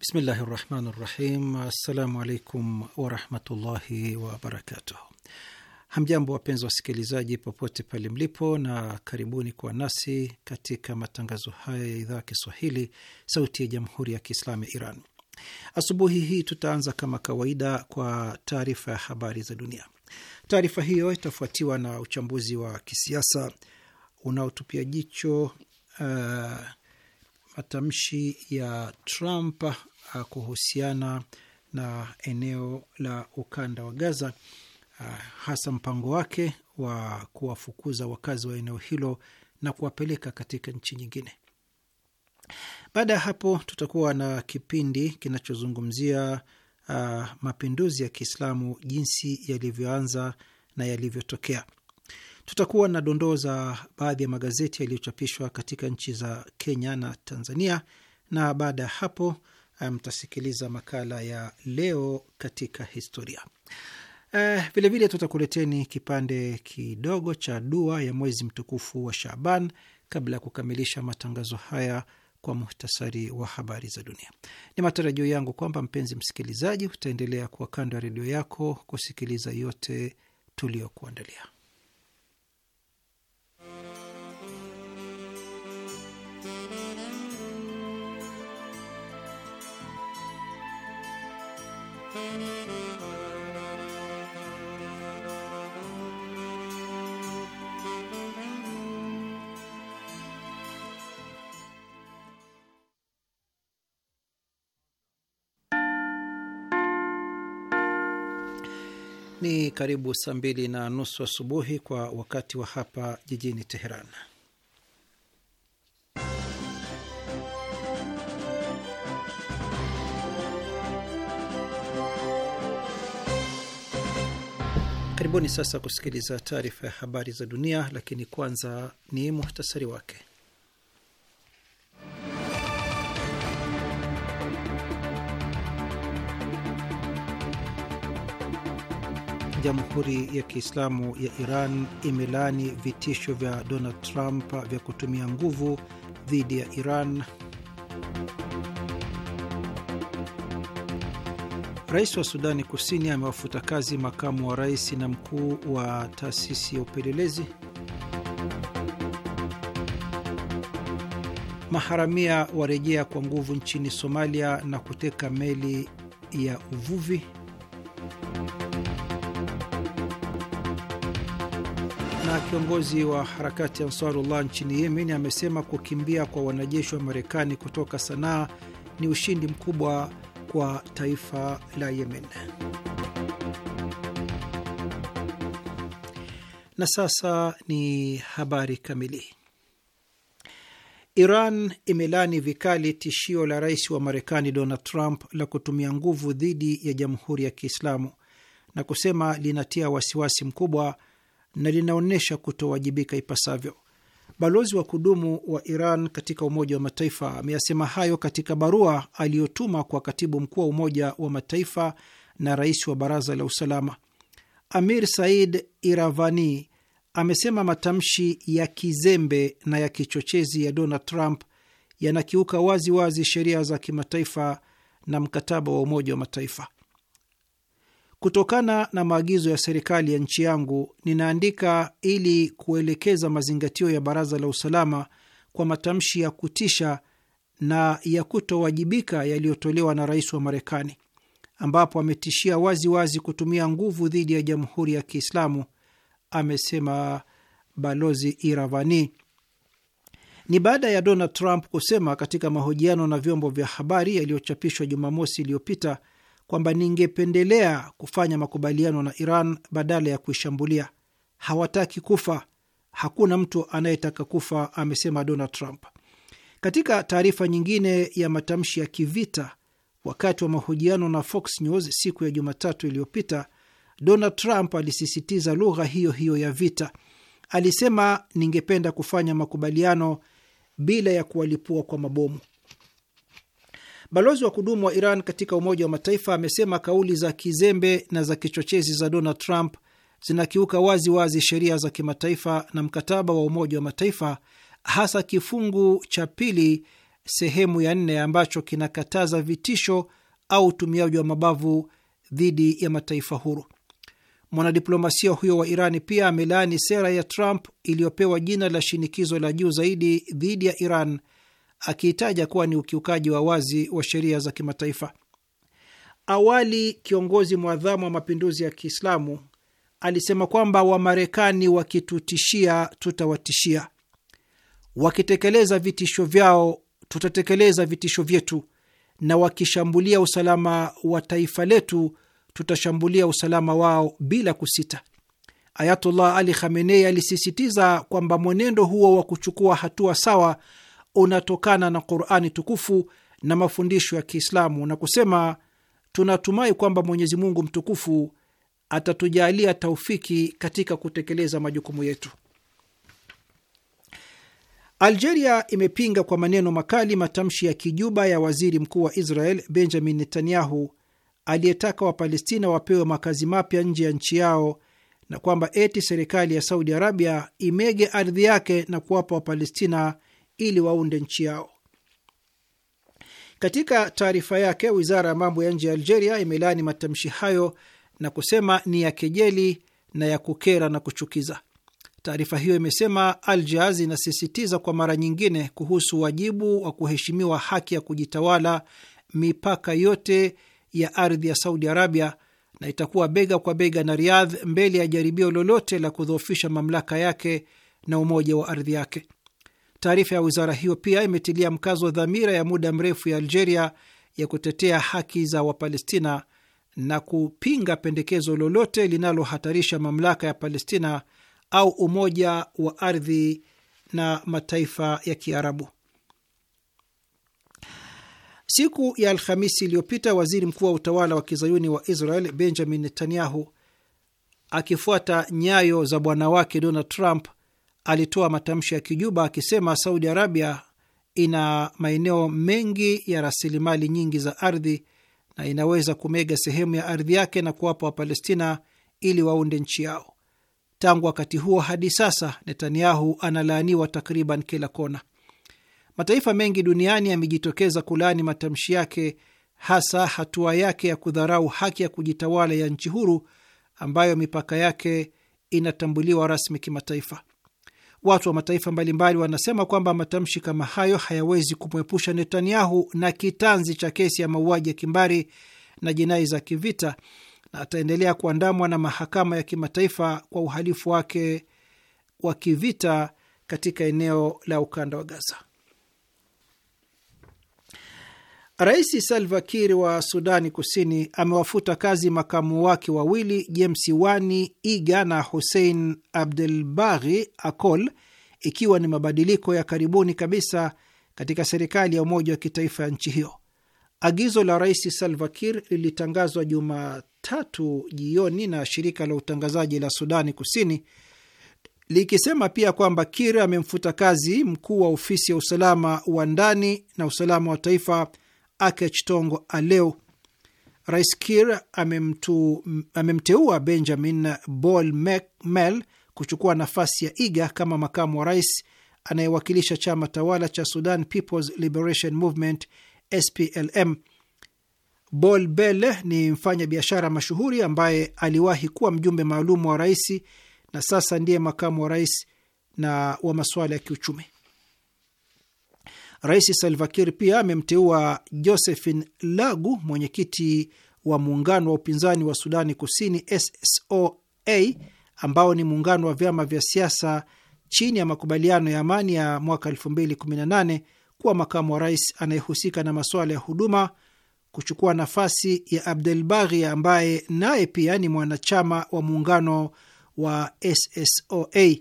Bismillahi rahmani rahim. Assalamu alaikum warahmatullahi wabarakatuh. Hamjambo wapenzi wasikilizaji, popote pale mlipo, na karibuni kwa nasi katika matangazo haya ya idhaa ya Kiswahili, Sauti ya Jamhuri ya Kiislamu ya Iran. Asubuhi hii tutaanza kama kawaida kwa taarifa ya habari za dunia. Taarifa hiyo itafuatiwa na uchambuzi wa kisiasa unaotupia jicho uh, matamshi ya Trump uh, kuhusiana na eneo la ukanda wa Gaza, uh, hasa mpango wake wa kuwafukuza wakazi wa eneo hilo na kuwapeleka katika nchi nyingine. Baada ya hapo, tutakuwa na kipindi kinachozungumzia uh, mapinduzi ya Kiislamu, jinsi yalivyoanza na yalivyotokea. Tutakuwa na dondoo za baadhi ya magazeti yaliyochapishwa katika nchi za Kenya na Tanzania, na baada ya hapo eh, mtasikiliza makala ya leo katika historia. Vilevile eh, vile tutakuleteni kipande kidogo cha dua ya mwezi mtukufu wa Shaaban kabla ya kukamilisha matangazo haya kwa muhtasari wa habari za dunia. Ni matarajio yangu kwamba mpenzi msikilizaji, utaendelea kuwa kando ya redio yako kusikiliza yote tuliyokuandalia. Ni karibu saa mbili na nusu asubuhi kwa wakati wa hapa jijini Teheran. Karibuni sasa kusikiliza taarifa ya habari za dunia, lakini kwanza ni muhtasari wake. Jamhuri ya Kiislamu ya Iran imelaani vitisho vya Donald Trump vya kutumia nguvu dhidi ya Iran. Rais wa Sudani Kusini amewafuta kazi makamu wa rais na mkuu wa taasisi ya upelelezi. Maharamia warejea kwa nguvu nchini Somalia na kuteka meli ya uvuvi. Na kiongozi wa harakati ya Ansarullah nchini Yemen amesema kukimbia kwa wanajeshi wa Marekani kutoka Sanaa ni ushindi mkubwa kwa taifa la Yemen. Na sasa ni habari kamili. Iran imelani vikali tishio la rais wa Marekani Donald Trump la kutumia nguvu dhidi ya Jamhuri ya Kiislamu na kusema linatia wasiwasi mkubwa na linaonyesha kutowajibika ipasavyo. Balozi wa kudumu wa Iran katika Umoja wa Mataifa ameyasema hayo katika barua aliyotuma kwa katibu mkuu wa Umoja wa Mataifa na rais wa Baraza la Usalama. Amir Said Iravani amesema matamshi ya kizembe na ya kichochezi ya Donald Trump yanakiuka wazi wazi sheria za kimataifa na mkataba wa Umoja wa Mataifa. Kutokana na maagizo ya serikali ya nchi yangu, ninaandika ili kuelekeza mazingatio ya Baraza la Usalama kwa matamshi ya kutisha na ya kutowajibika yaliyotolewa na rais wa Marekani, ambapo ametishia wazi wazi kutumia nguvu dhidi ya Jamhuri ya Kiislamu, amesema Balozi Iravani. Ni baada ya Donald Trump kusema katika mahojiano na vyombo vya habari yaliyochapishwa Jumamosi iliyopita kwamba ningependelea kufanya makubaliano na Iran badala ya kuishambulia. Hawataki kufa, hakuna mtu anayetaka kufa, amesema Donald Trump. Katika taarifa nyingine ya matamshi ya kivita wakati wa mahojiano na Fox News siku ya Jumatatu iliyopita, Donald Trump alisisitiza lugha hiyo hiyo ya vita. Alisema, ningependa kufanya makubaliano bila ya kuwalipua kwa mabomu. Balozi wa kudumu wa Iran katika Umoja wa Mataifa amesema kauli za kizembe na za kichochezi za Donald Trump zinakiuka wazi wazi sheria za kimataifa na mkataba wa Umoja wa Mataifa, hasa kifungu cha pili sehemu ya nne ambacho kinakataza vitisho au utumiaji wa mabavu dhidi ya mataifa huru. Mwanadiplomasia huyo wa Irani pia amelaani sera ya Trump iliyopewa jina la shinikizo la juu zaidi dhidi ya Iran akiitaja kuwa ni ukiukaji wa wazi wa sheria za kimataifa. Awali kiongozi mwadhamu wa mapinduzi ya Kiislamu alisema kwamba Wamarekani wakitutishia, tutawatishia; wakitekeleza vitisho vyao, tutatekeleza vitisho vyetu, na wakishambulia usalama wa taifa letu, tutashambulia usalama wao bila kusita. Ayatullah Ali Khamenei alisisitiza kwamba mwenendo huo wa kuchukua hatua sawa unatokana na Qurani tukufu na mafundisho ya Kiislamu na kusema tunatumai kwamba Mwenyezi Mungu mtukufu atatujalia taufiki katika kutekeleza majukumu yetu. Algeria imepinga kwa maneno makali matamshi ya kijuba ya waziri mkuu wa Israel Benjamin Netanyahu aliyetaka Wapalestina wapewe makazi mapya nje ya nchi yao na kwamba eti serikali ya Saudi Arabia imege ardhi yake na kuwapa Wapalestina ili waunde nchi yao. Katika taarifa yake, wizara ya mambo ya nje ya Algeria imelaani matamshi hayo na kusema ni ya kejeli na ya kukera na kuchukiza. Taarifa hiyo imesema Aljaz inasisitiza kwa mara nyingine kuhusu wajibu wa kuheshimiwa haki ya kujitawala mipaka yote ya ardhi ya Saudi Arabia na itakuwa bega kwa bega na Riyadh mbele ya jaribio lolote la kudhoofisha mamlaka yake na umoja wa ardhi yake. Taarifa ya wizara hiyo pia imetilia mkazo dhamira ya muda mrefu ya Algeria ya kutetea haki za Wapalestina na kupinga pendekezo lolote linalohatarisha mamlaka ya Palestina au umoja wa ardhi na mataifa ya Kiarabu. Siku ya Alhamisi iliyopita, waziri mkuu wa utawala wa kizayuni wa Israel Benjamin Netanyahu, akifuata nyayo za bwana wake Donald Trump, alitoa matamshi ya kijuba akisema Saudi Arabia ina maeneo mengi ya rasilimali nyingi za ardhi na inaweza kumega sehemu ya ardhi yake na kuwapa Wapalestina ili waunde nchi yao. Tangu wakati huo hadi sasa, Netanyahu analaaniwa takriban kila kona. Mataifa mengi duniani yamejitokeza kulaani matamshi yake, hasa hatua yake ya kudharau haki ya kujitawala ya nchi huru ambayo mipaka yake inatambuliwa rasmi kimataifa. Watu wa mataifa mbalimbali wanasema kwamba matamshi kama hayo hayawezi kumwepusha Netanyahu na kitanzi cha kesi ya mauaji ya kimbari na jinai za kivita, na ataendelea kuandamwa na mahakama ya kimataifa kwa uhalifu wake wa kivita katika eneo la ukanda wa Gaza. Rais Salva Kiir wa Sudani Kusini amewafuta kazi makamu wake wawili James Wani Iga na Hussein abdul Baghi Acol, ikiwa ni mabadiliko ya karibuni kabisa katika serikali ya umoja wa kitaifa ya nchi hiyo. Agizo la Rais Salva Kiir lilitangazwa Jumatatu jioni na shirika la utangazaji la Sudani Kusini likisema pia kwamba Kiir amemfuta kazi mkuu wa ofisi ya usalama wa ndani na usalama wa taifa akechtongo Tongo Aleu. Rais kir amemteua Benjamin Bol Mel kuchukua nafasi ya Iga kama makamu wa rais anayewakilisha chama tawala cha Sudan People's Liberation Movement SPLM. Bol Bel ni mfanya biashara mashuhuri ambaye aliwahi kuwa mjumbe maalum wa rais na sasa ndiye makamu wa rais na wa masuala ya kiuchumi. Rais Salvakir pia amemteua Josephine Lagu, mwenyekiti wa muungano wa upinzani wa Sudani Kusini, SSOA, ambao ni muungano wa vyama vya siasa chini ya makubaliano ya amani ya mwaka 2018 kuwa makamu wa rais anayehusika na masuala ya huduma, kuchukua nafasi ya Abdel Baghi ambaye naye pia ni mwanachama wa muungano wa SSOA.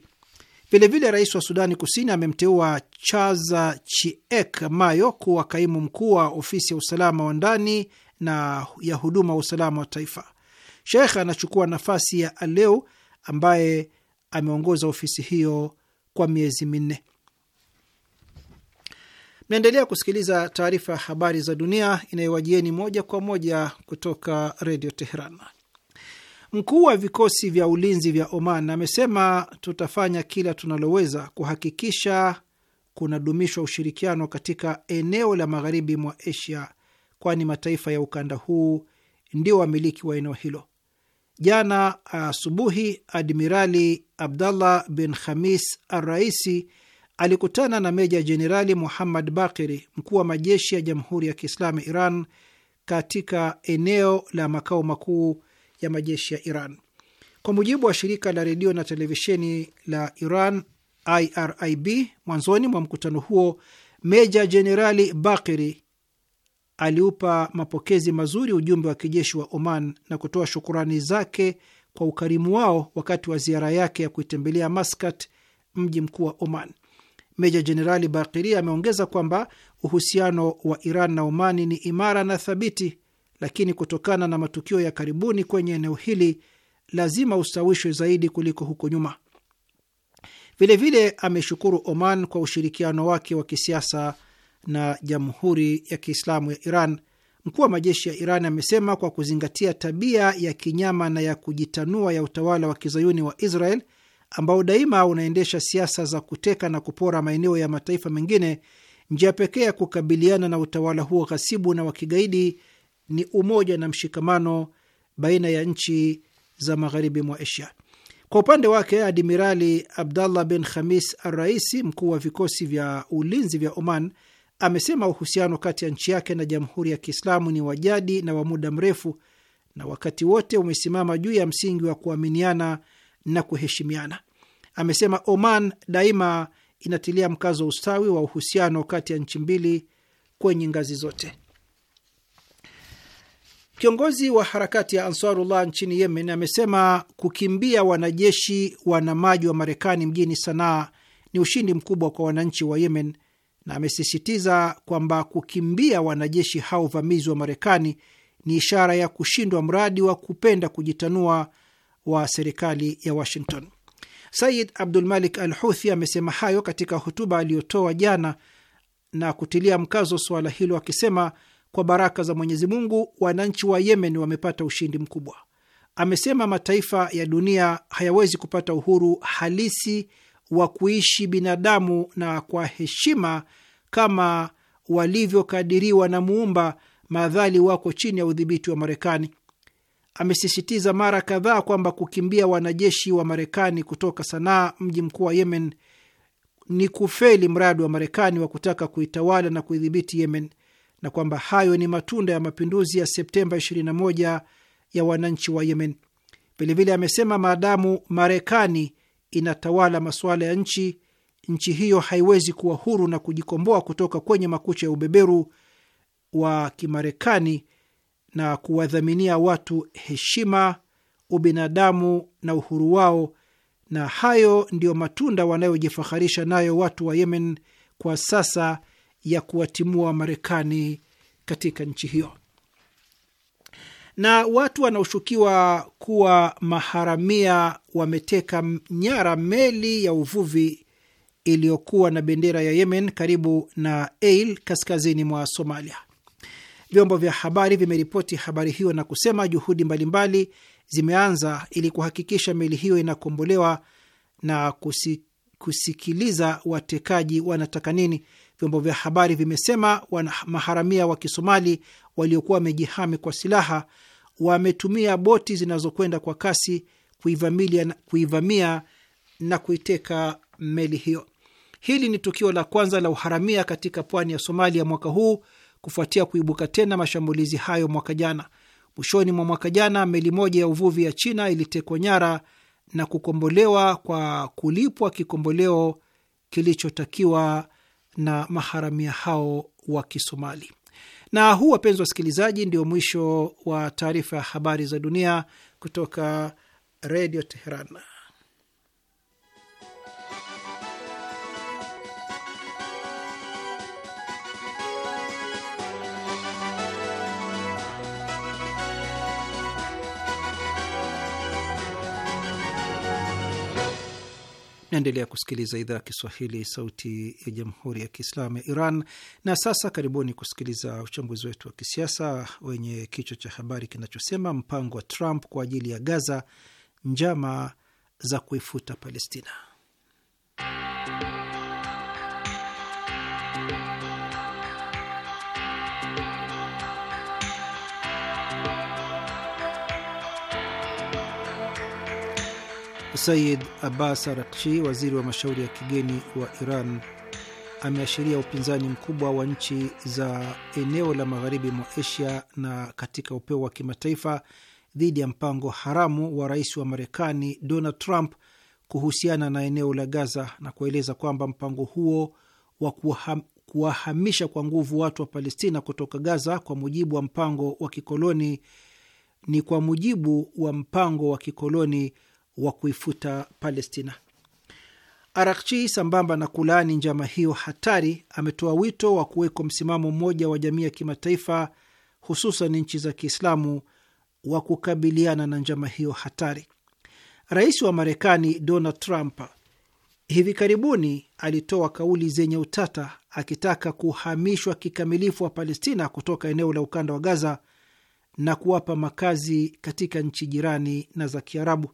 Vilevile rais wa Sudani Kusini amemteua Chaza Chiek Mayo kuwa kaimu mkuu wa ofisi ya usalama wa ndani na ya huduma wa usalama wa taifa. Sheikh anachukua nafasi ya Aleu ambaye ameongoza ofisi hiyo kwa miezi minne. Mnaendelea kusikiliza taarifa ya habari za dunia inayowajieni moja kwa moja kutoka Redio Teheran. Mkuu wa vikosi vya ulinzi vya Oman amesema tutafanya kila tunaloweza kuhakikisha kunadumishwa ushirikiano katika eneo la magharibi mwa Asia, kwani mataifa ya ukanda huu ndio wamiliki wa eneo hilo. Jana asubuhi, Admirali Abdallah bin Khamis Arraisi alikutana na Meja Jenerali Muhammad Bakiri, mkuu wa majeshi ya Jamhuri ya Kiislamu Iran, katika eneo la makao makuu ya majeshi ya Iran. Kwa mujibu wa shirika la redio na televisheni la Iran, IRIB, mwanzoni mwa mkutano huo, meja jenerali Bakiri aliupa mapokezi mazuri ujumbe wa kijeshi wa Oman na kutoa shukurani zake kwa ukarimu wao wakati wa ziara yake ya kuitembelea Maskat, mji mkuu wa Oman. Meja Jenerali Bakiri ameongeza kwamba uhusiano wa Iran na Omani ni imara na thabiti lakini kutokana na matukio ya karibuni kwenye eneo hili lazima ustawishwe zaidi kuliko huko nyuma. Vilevile ameshukuru Oman kwa ushirikiano wake wa kisiasa na Jamhuri ya Kiislamu ya Iran. Mkuu wa majeshi ya Iran amesema kwa kuzingatia tabia ya kinyama na ya kujitanua ya utawala wa kizayuni wa Israel ambao daima unaendesha siasa za kuteka na kupora maeneo ya mataifa mengine, njia pekee ya kukabiliana na utawala huo ghasibu na wa kigaidi ni umoja na mshikamano baina ya nchi za magharibi mwa Asia. Kwa upande wake, Admirali Abdallah bin Khamis Arraisi, mkuu wa vikosi vya ulinzi vya Oman, amesema uhusiano kati ya nchi yake na Jamhuri ya Kiislamu ni wajadi na wa muda mrefu na wakati wote umesimama juu ya msingi wa kuaminiana na kuheshimiana. Amesema Oman daima inatilia mkazo ustawi wa uhusiano kati ya nchi mbili kwenye ngazi zote. Kiongozi wa harakati ya Ansarullah nchini Yemen amesema kukimbia wanajeshi wanamaji wa Marekani mjini Sanaa ni ushindi mkubwa kwa wananchi wa Yemen, na amesisitiza kwamba kukimbia wanajeshi hao uvamizi wa Marekani ni ishara ya kushindwa mradi wa kupenda kujitanua wa serikali ya Washington. said abdul malik Al Huthi amesema hayo katika hotuba aliyotoa jana na kutilia mkazo suala hilo akisema kwa baraka za Mwenyezi Mungu, wananchi wa Yemen wamepata ushindi mkubwa. Amesema mataifa ya dunia hayawezi kupata uhuru halisi wa kuishi binadamu na kwa heshima kama walivyokadiriwa na Muumba madhali wako chini ya udhibiti wa Marekani. Amesisitiza mara kadhaa kwamba kukimbia wanajeshi wa Marekani kutoka Sanaa, mji mkuu wa Yemen, ni kufeli mradi wa Marekani wa kutaka kuitawala na kuidhibiti Yemen na kwamba hayo ni matunda ya mapinduzi ya Septemba 21 ya wananchi wa Yemen. Vilevile amesema maadamu Marekani inatawala masuala ya nchi, nchi hiyo haiwezi kuwa huru na kujikomboa kutoka kwenye makucha ya ubeberu wa Kimarekani na kuwadhaminia watu heshima, ubinadamu na uhuru wao, na hayo ndiyo matunda wanayojifaharisha nayo watu wa Yemen kwa sasa ya kuwatimua Marekani katika nchi hiyo. Na watu wanaoshukiwa kuwa maharamia wameteka nyara meli ya uvuvi iliyokuwa na bendera ya Yemen karibu na Eil kaskazini mwa Somalia. Vyombo vya habari vimeripoti habari hiyo na kusema juhudi mbalimbali zimeanza ili kuhakikisha meli hiyo inakombolewa na kusikiliza watekaji wanataka nini. Vyombo vya habari vimesema maharamia wa Kisomali waliokuwa wamejihami kwa silaha wametumia boti zinazokwenda kwa kasi kuivamia, kuivamia na kuiteka meli hiyo. Hili ni tukio la kwanza la uharamia katika pwani ya Somalia mwaka huu kufuatia kuibuka tena mashambulizi hayo mwaka jana. Mwishoni mwa mwaka jana, meli moja ya uvuvi ya China ilitekwa nyara na kukombolewa kwa kulipwa kikomboleo kilichotakiwa na maharamia hao wa Kisomali. Na huu, wapenzi wasikilizaji, ndio mwisho wa taarifa ya habari za dunia kutoka Redio Teheran. Naendelea kusikiliza idhaa ya Kiswahili, sauti ya jamhuri ya kiislamu ya Iran. Na sasa karibuni kusikiliza uchambuzi wetu wa kisiasa wenye kichwa cha habari kinachosema mpango wa Trump kwa ajili ya Gaza, njama za kuifuta Palestina. Said Abbas Arakshi, waziri wa mashauri ya kigeni wa Iran, ameashiria upinzani mkubwa wa nchi za eneo la magharibi mwa Asia na katika upeo wa kimataifa dhidi ya mpango haramu wa rais wa Marekani Donald Trump kuhusiana na eneo la Gaza na kueleza kwamba mpango huo wa kuham, kuwahamisha kwa nguvu watu wa Palestina kutoka Gaza kwa mujibu wa mpango wa kikoloni ni kwa mujibu wa mpango wa kikoloni wa kuifuta Palestina. Arakchi, sambamba na kulaani njama hiyo hatari, ametoa wito wa kuwekwa msimamo mmoja wa jamii ya kimataifa, hususan nchi za Kiislamu, wa kukabiliana na njama hiyo hatari. Rais wa Marekani Donald Trump hivi karibuni alitoa kauli zenye utata akitaka kuhamishwa kikamilifu wa Palestina kutoka eneo la ukanda wa Gaza na kuwapa makazi katika nchi jirani na za Kiarabu.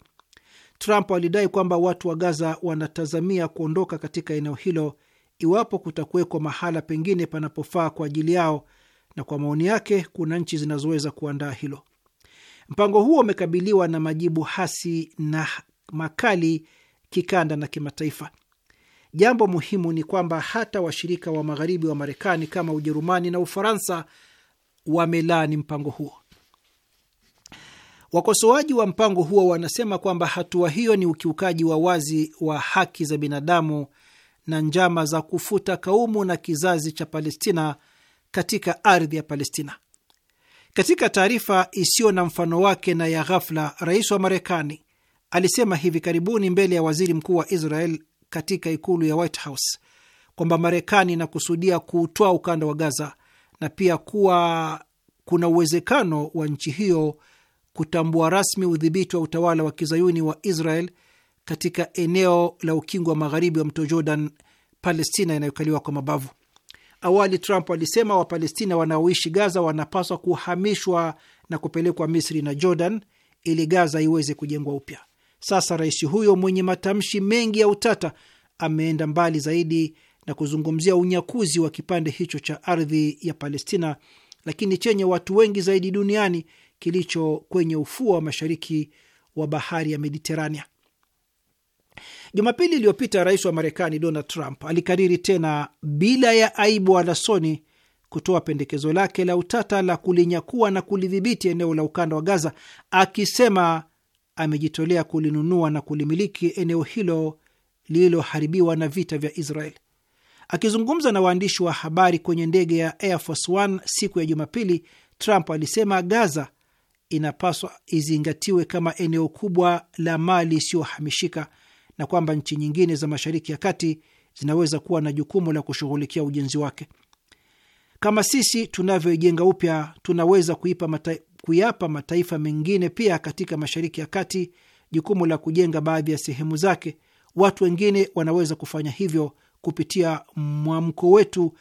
Trump alidai kwamba watu wa Gaza wanatazamia kuondoka katika eneo hilo iwapo kutakuwekwa mahala pengine panapofaa kwa ajili yao, na kwa maoni yake kuna nchi zinazoweza kuandaa hilo. Mpango huo umekabiliwa na majibu hasi na makali kikanda na kimataifa. Jambo muhimu ni kwamba hata washirika wa magharibi wa Marekani kama Ujerumani na Ufaransa wamelaani mpango huo. Wakosoaji wa mpango huo wanasema kwamba hatua hiyo ni ukiukaji wa wazi wa haki za binadamu na njama za kufuta kaumu na kizazi cha Palestina katika ardhi ya Palestina. Katika taarifa isiyo na mfano wake na ya ghafla, rais wa Marekani alisema hivi karibuni mbele ya waziri mkuu wa Israel katika ikulu ya White House kwamba Marekani inakusudia kuutoa ukanda wa Gaza na pia kuwa kuna uwezekano wa nchi hiyo kutambua rasmi udhibiti wa utawala wa kizayuni wa Israel katika eneo la ukingo wa magharibi wa mto Jordan, Palestina inayokaliwa kwa mabavu. Awali Trump alisema Wapalestina wanaoishi Gaza wanapaswa kuhamishwa na kupelekwa Misri na Jordan ili Gaza iweze kujengwa upya. Sasa rais huyo mwenye matamshi mengi ya utata ameenda mbali zaidi na kuzungumzia unyakuzi wa kipande hicho cha ardhi ya Palestina, lakini chenye watu wengi zaidi duniani kilicho kwenye ufuo wa mashariki wa bahari ya Mediterania. Jumapili iliyopita rais wa Marekani Donald Trump alikariri tena bila ya aibu wala soni kutoa pendekezo lake la utata la kulinyakua na kulidhibiti eneo la ukanda wa Gaza, akisema amejitolea kulinunua na kulimiliki eneo hilo lililoharibiwa na vita vya Israel. Akizungumza na waandishi wa habari kwenye ndege ya Air Force One siku ya Jumapili, Trump alisema Gaza inapaswa izingatiwe kama eneo kubwa la mali isiyohamishika na kwamba nchi nyingine za Mashariki ya Kati zinaweza kuwa na jukumu la kushughulikia ujenzi wake. Kama sisi tunavyoijenga upya, tunaweza kuipa mata, kuyapa mataifa mengine pia katika Mashariki ya Kati jukumu la kujenga baadhi ya sehemu zake. Watu wengine wanaweza kufanya hivyo kupitia mwamko wetu,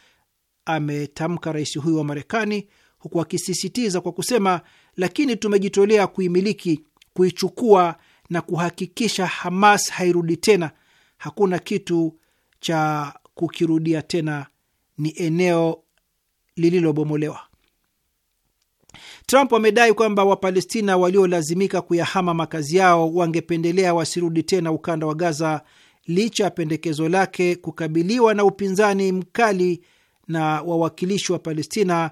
ametamka rais huyu wa Marekani, huku akisisitiza kwa kusema lakini tumejitolea kuimiliki, kuichukua na kuhakikisha Hamas hairudi tena. Hakuna kitu cha kukirudia tena, ni eneo lililobomolewa. Trump amedai kwamba Wapalestina waliolazimika kuyahama makazi yao wangependelea wasirudi tena ukanda wa Gaza licha ya pendekezo lake kukabiliwa na upinzani mkali na wawakilishi wa Palestina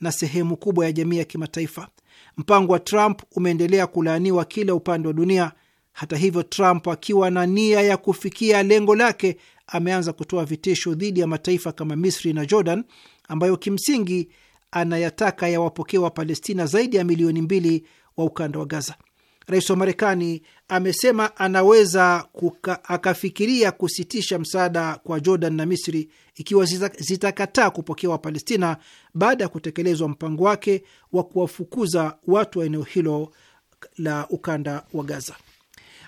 na sehemu kubwa ya jamii ya kimataifa. Mpango wa Trump umeendelea kulaaniwa kila upande wa dunia. Hata hivyo, Trump akiwa na nia ya kufikia lengo lake, ameanza kutoa vitisho dhidi ya mataifa kama Misri na Jordan ambayo kimsingi anayataka yawapokee Wapalestina zaidi ya milioni mbili wa ukanda wa Gaza. Rais wa Marekani amesema anaweza kuka, akafikiria kusitisha msaada kwa Jordan na Misri ikiwa zitakataa kupokea Wapalestina baada ya kutekelezwa mpango wake wa kuwafukuza watu wa eneo hilo la ukanda wa Gaza.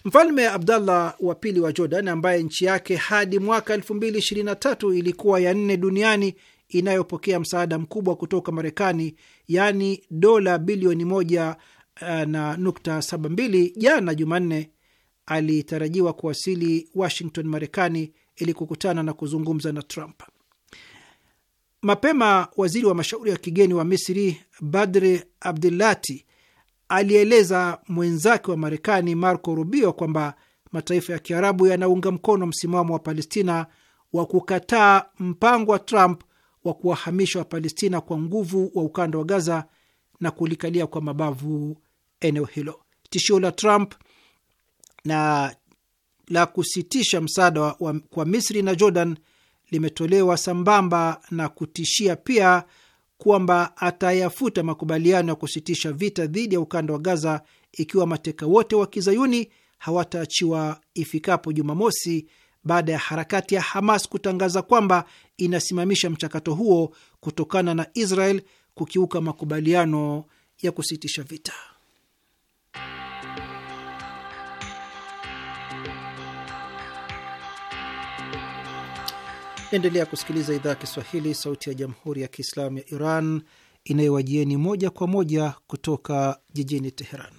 Mfalme Abdallah wa pili wa Jordan, ambaye nchi yake hadi mwaka 2023 ilikuwa ya nne duniani inayopokea msaada mkubwa kutoka Marekani, yaani dola bilioni moja Eh, na nukta mbili jana Jumanne alitarajiwa kuwasili Washington, Marekani, ili kukutana na kuzungumza na Trump. Mapema waziri wa mashauri ya kigeni wa Misri badr abdulati alieleza mwenzake wa Marekani Marco Rubio kwamba mataifa ya Kiarabu yanaunga mkono msimamo wa Palestina wa kukataa mpango wa Trump wa kuwahamisha Wapalestina kwa nguvu wa ukanda wa Gaza na kulikalia kwa mabavu eneo hilo. Tishio la Trump na la kusitisha msaada wa, wa, kwa Misri na Jordan limetolewa sambamba na kutishia pia kwamba atayafuta makubaliano ya kusitisha vita dhidi ya ukanda wa Gaza ikiwa mateka wote wa kizayuni hawataachiwa ifikapo Jumamosi, baada ya harakati ya Hamas kutangaza kwamba inasimamisha mchakato huo kutokana na Israel kukiuka makubaliano ya kusitisha vita. Endelea kusikiliza idhaa ya Kiswahili, sauti ya jamhuri ya kiislamu ya Iran inayowajieni moja kwa moja kutoka jijini Teheran.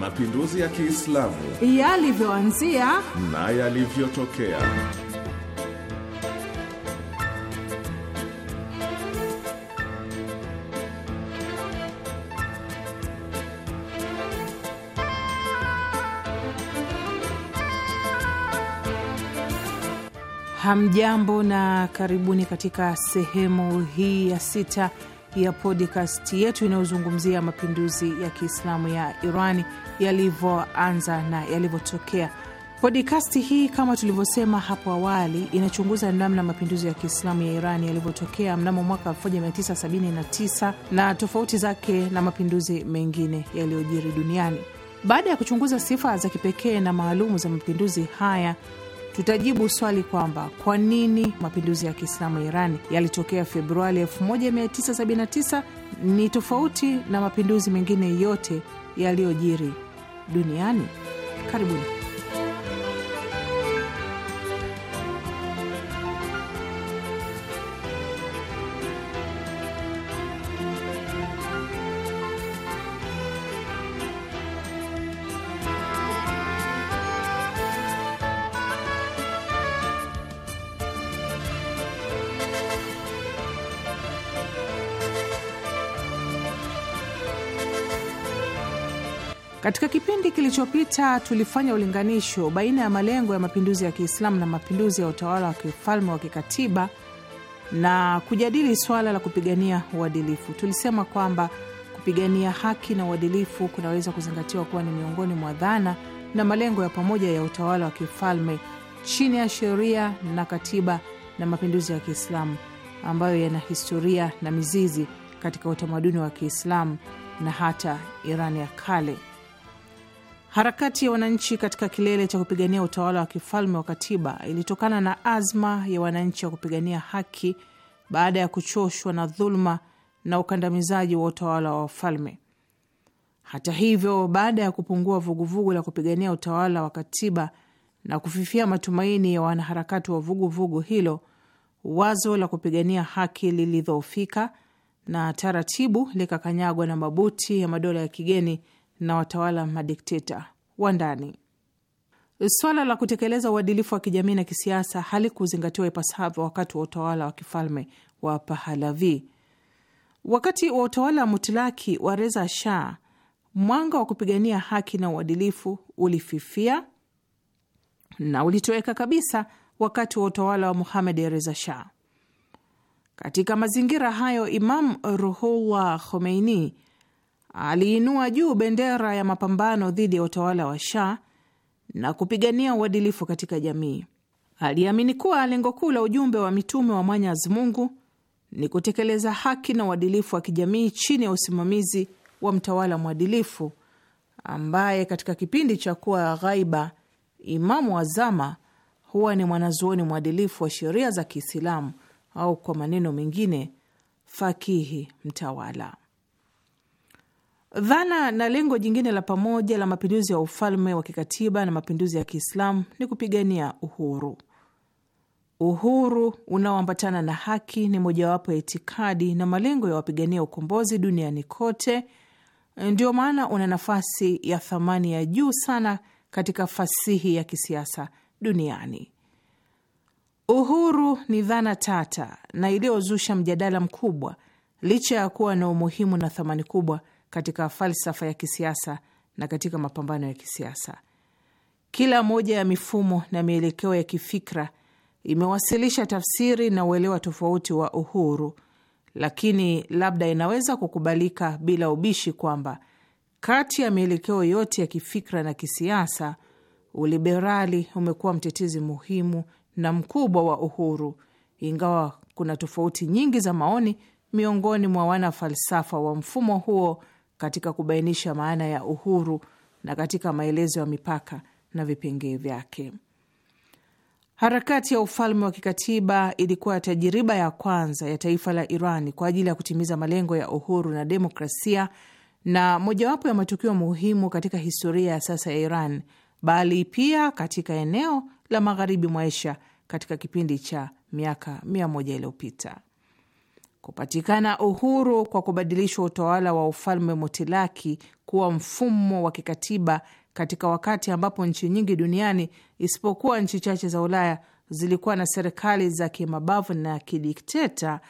Mapinduzi ya Kiislamu yalivyoanzia na yalivyotokea. Hamjambo na karibuni katika sehemu hii ya sita ya podcast yetu inayozungumzia mapinduzi ya Kiislamu ya Irani yalivyoanza na yalivyotokea. Podcast hii kama tulivyosema hapo awali, inachunguza namna mapinduzi ya Kiislamu ya Irani yalivyotokea mnamo mwaka 1979 na tofauti zake na mapinduzi mengine yaliyojiri duniani. Baada ya kuchunguza sifa za kipekee na maalumu za mapinduzi haya tutajibu swali kwamba kwa nini mapinduzi ya Kiislamu iran Irani yalitokea Februari 1979 ni tofauti na mapinduzi mengine yote yaliyojiri duniani. Karibuni. Katika kipindi kilichopita tulifanya ulinganisho baina ya malengo ya mapinduzi ya Kiislamu na mapinduzi ya utawala wa kifalme wa kikatiba na kujadili swala la kupigania uadilifu. Tulisema kwamba kupigania haki na uadilifu kunaweza kuzingatiwa kuwa ni miongoni mwa dhana na malengo ya pamoja ya utawala wa kifalme chini ya sheria na katiba na mapinduzi ya Kiislamu ambayo yana historia na mizizi katika utamaduni wa Kiislamu na hata Irani ya kale. Harakati ya wananchi katika kilele cha kupigania utawala wa kifalme wa katiba ilitokana na azma ya wananchi ya kupigania haki baada ya kuchoshwa na dhuluma na ukandamizaji wa utawala wa wafalme. Hata hivyo, baada ya kupungua vuguvugu la kupigania utawala wa katiba na kufifia matumaini ya wanaharakati wa vuguvugu vugu hilo, wazo la kupigania haki lilidhoofika na taratibu likakanyagwa na mabuti ya madola ya kigeni na watawala madikteta wa ndani. Swala la kutekeleza uadilifu wa kijamii na kisiasa halikuzingatiwa ipasavyo wakati wa utawala wa kifalme wa Pahalavi. Wakati wa utawala wa mutilaki wa Reza Shah, mwanga wa kupigania haki na uadilifu ulififia na ulitoweka kabisa wakati wa utawala wa Muhamed Reza Shah. Katika mazingira hayo, Imam Ruhullah Khomeini aliinua juu bendera ya mapambano dhidi ya utawala wa Shah na kupigania uadilifu katika jamii. Aliamini kuwa lengo kuu la ujumbe wa mitume wa Mwenyezi Mungu ni kutekeleza haki na uadilifu wa kijamii chini ya usimamizi wa mtawala mwadilifu ambaye katika kipindi cha kuwa ghaiba imamu wa zama huwa ni mwanazuoni mwadilifu wa sheria za Kiislamu au kwa maneno mengine fakihi mtawala. Dhana na lengo jingine la pamoja la mapinduzi ya ufalme wa kikatiba na mapinduzi ya Kiislamu ni kupigania uhuru. Uhuru unaoambatana na haki ni mojawapo ya itikadi na malengo ya wapigania ukombozi duniani kote. Ndio maana una nafasi ya thamani ya juu sana katika fasihi ya kisiasa duniani. Uhuru ni dhana tata na iliyozusha mjadala mkubwa, licha ya kuwa na umuhimu na thamani kubwa katika falsafa ya kisiasa na katika mapambano ya kisiasa. Kila moja ya mifumo na mielekeo ya kifikra imewasilisha tafsiri na uelewa tofauti wa uhuru, lakini labda inaweza kukubalika bila ubishi kwamba kati ya mielekeo yote ya kifikra na kisiasa, uliberali umekuwa mtetezi muhimu na mkubwa wa uhuru, ingawa kuna tofauti nyingi za maoni miongoni mwa wanafalsafa wa mfumo huo katika kubainisha maana ya uhuru na katika maelezo ya mipaka na vipengee vyake. Harakati ya ufalme wa kikatiba ilikuwa tajiriba ya kwanza ya taifa la Iran kwa ajili ya kutimiza malengo ya uhuru na demokrasia na mojawapo ya matukio muhimu katika historia ya sasa ya Iran, bali pia katika eneo la magharibi mwa Asia katika kipindi cha miaka mia moja iliyopita. Kupatikana uhuru kwa kubadilishwa utawala wa ufalme motilaki kuwa mfumo wa kikatiba katika wakati ambapo nchi nyingi duniani isipokuwa nchi chache za Ulaya zilikuwa na serikali za kimabavu na kidikteta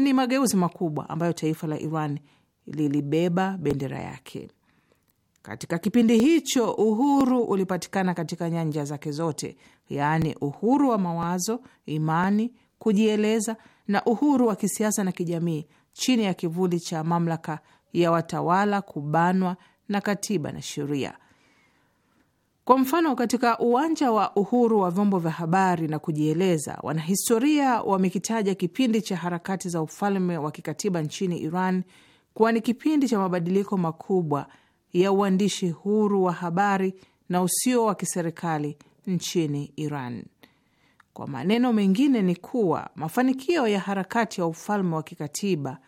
ni mageuzi makubwa ambayo taifa la Iran lilibeba bendera yake. Katika kipindi hicho uhuru ulipatikana katika nyanja zake zote, yaani uhuru wa mawazo, imani, kujieleza na uhuru wa kisiasa na kijamii chini ya kivuli cha mamlaka ya watawala kubanwa na katiba na sheria. Kwa mfano, katika uwanja wa uhuru wa vyombo vya habari na kujieleza, wanahistoria wamekitaja kipindi cha harakati za ufalme wa kikatiba nchini Iran kuwa ni kipindi cha mabadiliko makubwa ya uandishi huru wa habari na usio wa kiserikali nchini Iran. Kwa maneno mengine ni kuwa mafanikio ya harakati ya ufalme wa kikatiba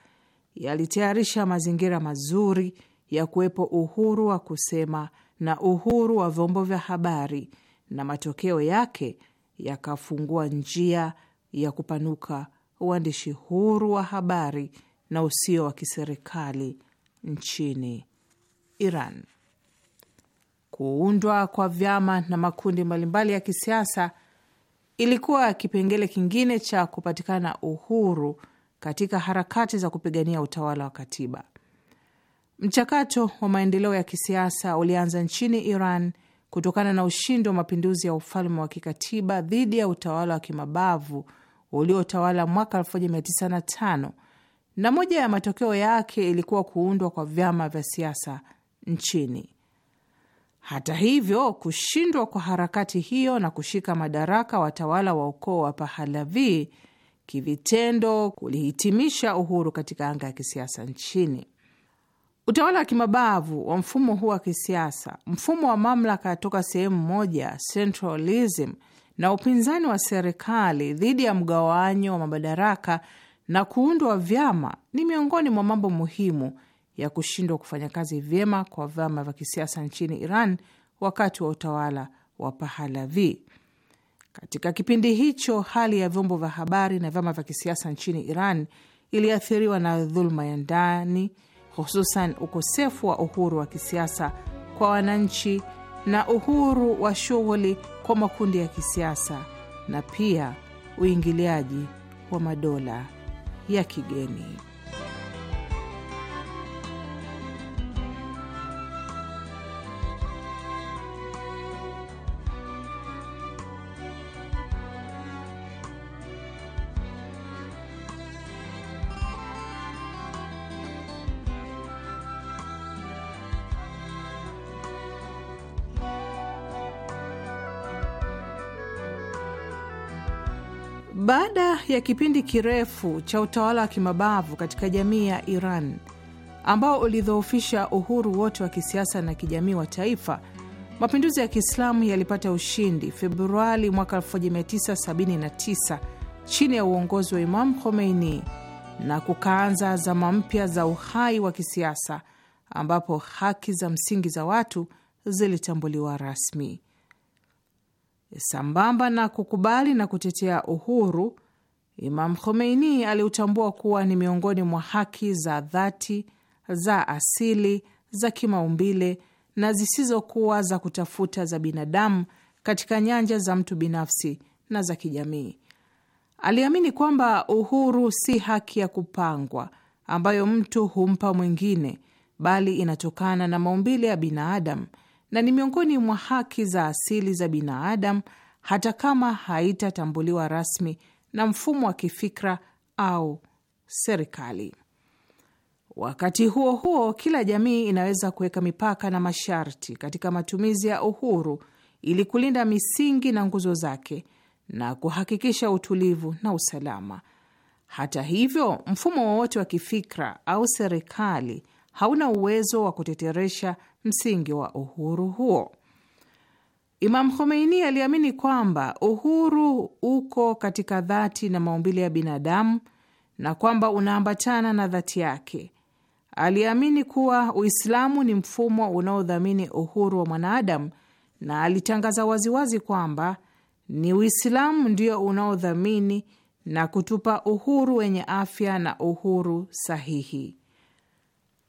yalitayarisha mazingira mazuri ya kuwepo uhuru wa kusema na uhuru wa vyombo vya habari, na matokeo yake yakafungua njia ya kupanuka uandishi huru wa habari na usio wa kiserikali nchini Iran. Kuundwa kwa vyama na makundi mbalimbali ya kisiasa ilikuwa kipengele kingine cha kupatikana uhuru katika harakati za kupigania utawala wa katiba. Mchakato wa maendeleo ya kisiasa ulianza nchini Iran kutokana na ushindi wa mapinduzi ya ufalme wa kikatiba dhidi ya utawala wa kimabavu uliotawala mwaka 1905 na moja ya matokeo yake ilikuwa kuundwa kwa vyama vya siasa nchini. Hata hivyo, kushindwa kwa harakati hiyo na kushika madaraka watawala wa ukoo wa Pahalavi kivitendo kulihitimisha uhuru katika anga ya kisiasa nchini. Utawala wa kimabavu wa mfumo huu wa kisiasa, mfumo wa mamlaka toka sehemu moja, centralism, na upinzani wa serikali dhidi ya mgawanyo wa madaraka na kuundwa vyama ni miongoni mwa mambo muhimu ya kushindwa kufanya kazi vyema kwa vyama vya kisiasa nchini Iran wakati wa utawala wa Pahalavi. Katika kipindi hicho, hali ya vyombo vya habari na vyama vya kisiasa nchini Iran iliathiriwa na dhuluma ya ndani, hususan ukosefu wa uhuru wa kisiasa kwa wananchi na uhuru wa shughuli kwa makundi ya kisiasa na pia uingiliaji wa madola ya kigeni. Baada ya kipindi kirefu cha utawala wa kimabavu katika jamii ya Iran ambao ulidhoofisha uhuru wote wa kisiasa na kijamii wa taifa, mapinduzi ya Kiislamu yalipata ushindi Februari mwaka 1979 chini ya uongozi wa Imam Khomeini na kukaanza zama mpya za uhai wa kisiasa ambapo haki za msingi za watu zilitambuliwa rasmi. Sambamba na kukubali na kutetea uhuru, Imam Khomeini aliutambua kuwa ni miongoni mwa haki za dhati za asili za kimaumbile na zisizokuwa za kutafuta za binadamu katika nyanja za mtu binafsi na za kijamii. Aliamini kwamba uhuru si haki ya kupangwa ambayo mtu humpa mwingine, bali inatokana na maumbile ya binadamu na ni miongoni mwa haki za asili za binadamu, hata kama haitatambuliwa rasmi na mfumo wa kifikra au serikali. Wakati huo huo, kila jamii inaweza kuweka mipaka na masharti katika matumizi ya uhuru ili kulinda misingi na nguzo zake na kuhakikisha utulivu na usalama. Hata hivyo, mfumo wowote wa kifikra au serikali hauna uwezo wa kuteteresha msingi wa uhuru huo. Imam Khomeini aliamini kwamba uhuru uko katika dhati na maumbile ya binadamu na kwamba unaambatana na dhati yake. Aliamini kuwa Uislamu ni mfumo unaodhamini uhuru wa mwanadamu na alitangaza waziwazi kwamba ni Uislamu ndio unaodhamini na kutupa uhuru wenye afya na uhuru sahihi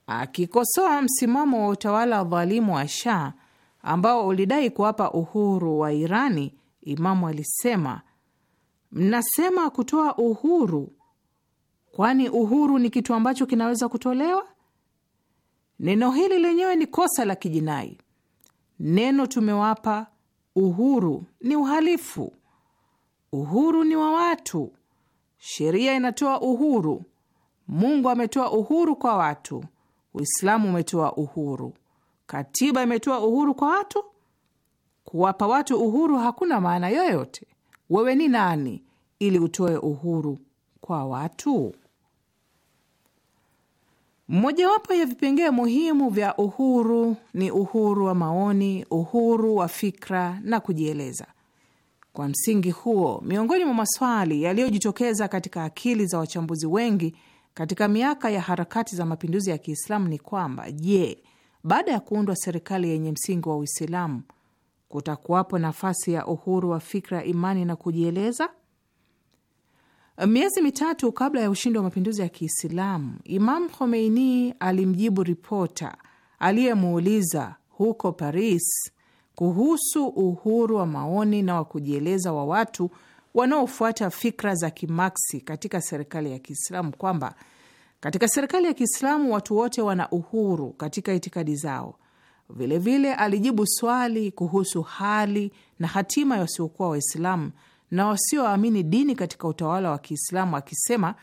akikosoa msimamo wa utawala wa dhalimu wa Shah ambao ulidai kuwapa uhuru wa Irani. Imamu alisema, mnasema kutoa uhuru, kwani uhuru ni kitu ambacho kinaweza kutolewa? Neno hili lenyewe ni kosa la kijinai. Neno tumewapa uhuru ni uhalifu. Uhuru ni wa watu, sheria inatoa uhuru, Mungu ametoa uhuru kwa watu. Uislamu umetoa uhuru, katiba imetoa uhuru kwa watu. Kuwapa watu uhuru hakuna maana yoyote. Wewe ni nani ili utoe uhuru kwa watu? Mojawapo ya vipengee muhimu vya uhuru ni uhuru wa maoni, uhuru wa fikra na kujieleza. Kwa msingi huo, miongoni mwa maswali yaliyojitokeza katika akili za wachambuzi wengi katika miaka ya harakati za mapinduzi ya Kiislamu ni kwamba je, baada ya kuundwa serikali yenye msingi wa Uislamu kutakuwapo nafasi ya uhuru wa fikra, imani na kujieleza? Miezi mitatu kabla ya ushindi wa mapinduzi ya Kiislamu, Imam Khomeini alimjibu ripota aliyemuuliza huko Paris kuhusu uhuru wa maoni na wa kujieleza wa watu wanaofuata fikra za kimaksi katika serikali ya Kiislamu kwamba katika serikali ya Kiislamu watu wote wana uhuru katika itikadi zao. Vilevile vile, alijibu swali kuhusu hali na hatima ya wasiokuwa Waislamu na wasioamini dini katika utawala wa Kiislamu akisema,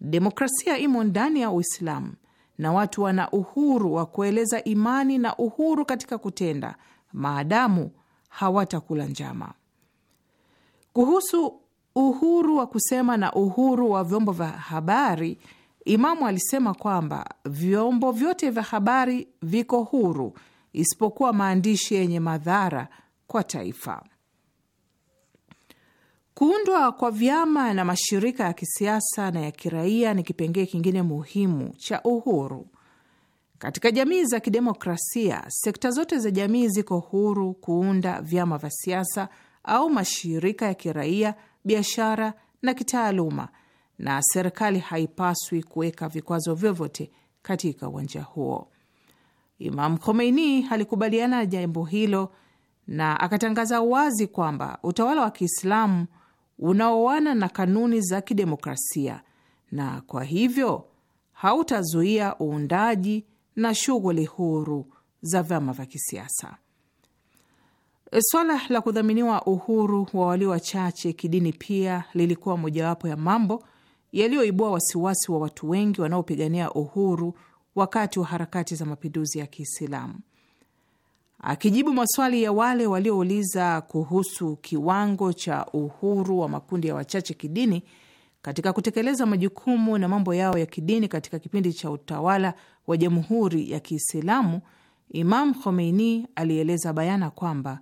demokrasia imo ndani ya Uislamu na watu wana uhuru wa kueleza imani na uhuru katika kutenda maadamu hawatakula njama. Kuhusu uhuru wa kusema na uhuru wa vyombo vya habari, Imamu alisema kwamba vyombo vyote vya habari viko huru isipokuwa maandishi yenye madhara kwa taifa. Kuundwa kwa vyama na mashirika ya kisiasa na ya kiraia ni kipengee kingine muhimu cha uhuru. Katika jamii za kidemokrasia, sekta zote za jamii ziko huru kuunda vyama vya siasa au mashirika ya kiraia, biashara na kitaaluma, na serikali haipaswi kuweka vikwazo vyovyote katika uwanja huo. Imam Khomeini alikubaliana na jambo hilo na akatangaza wazi kwamba utawala wa Kiislamu unaoana na kanuni za kidemokrasia na kwa hivyo hautazuia uundaji na shughuli huru za vyama vya kisiasa. Eh, swala la kudhaminiwa uhuru wa walio wachache kidini pia lilikuwa mojawapo ya mambo yaliyoibua wasiwasi wa watu wengi wanaopigania uhuru wakati wa harakati za mapinduzi ya Kiislamu. Akijibu maswali ya wale waliouliza kuhusu kiwango cha uhuru wa makundi ya wachache kidini katika kutekeleza majukumu na mambo yao ya kidini katika kipindi cha utawala wa Jamhuri ya Kiislamu, Imam Khomeini alieleza bayana kwamba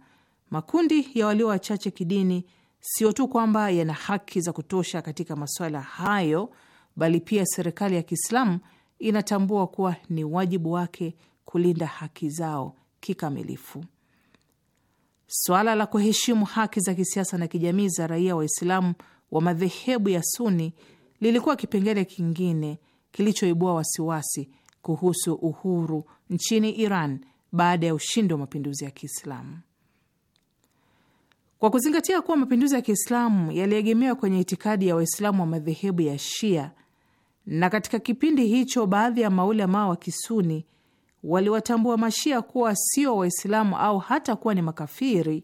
Makundi ya walio wachache kidini sio tu kwamba yana haki za kutosha katika masuala hayo, bali pia serikali ya Kiislamu inatambua kuwa ni wajibu wake kulinda haki zao kikamilifu. Swala la kuheshimu haki za kisiasa na kijamii za raia Waislamu wa madhehebu ya Suni lilikuwa kipengele kingine kilichoibua wasiwasi kuhusu uhuru nchini Iran baada ya ushindi wa mapinduzi ya Kiislamu. Kwa kuzingatia kuwa mapinduzi ya Kiislamu yaliegemewa kwenye itikadi ya Waislamu wa madhehebu ya Shia, na katika kipindi hicho baadhi ya maulamaa wa Kisuni waliwatambua Mashia kuwa sio Waislamu au hata kuwa ni makafiri,